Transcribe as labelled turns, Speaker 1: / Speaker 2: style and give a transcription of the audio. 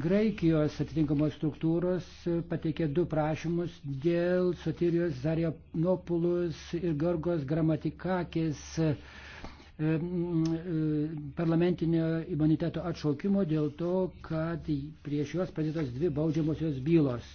Speaker 1: Graikijos atitinkamos struktūros pateikė du prašymus dėl Sotirijos Zarianopulus ir Gorgos Gramatikakės e, e, parlamentinio imuniteto atšaukimo dėl to, kad prieš juos pradėtos dvi baudžiamosios bylos.